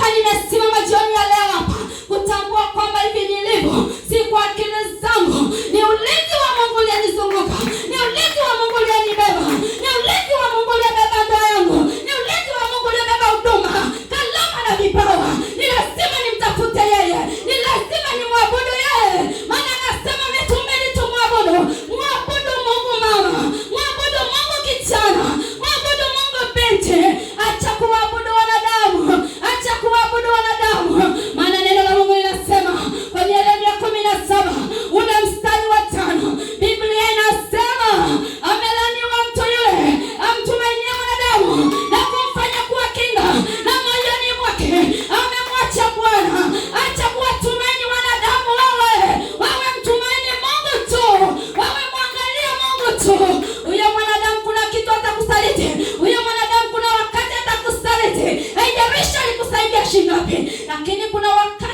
nimeweka, nimesimama jioni ya leo mtu. Huyo mwanadamu kuna kitu atakusaliti. Huyo mwanadamu kuna wakati atakusaliti. Haijalishi alikusaidia shingapi, lakini kuna wakati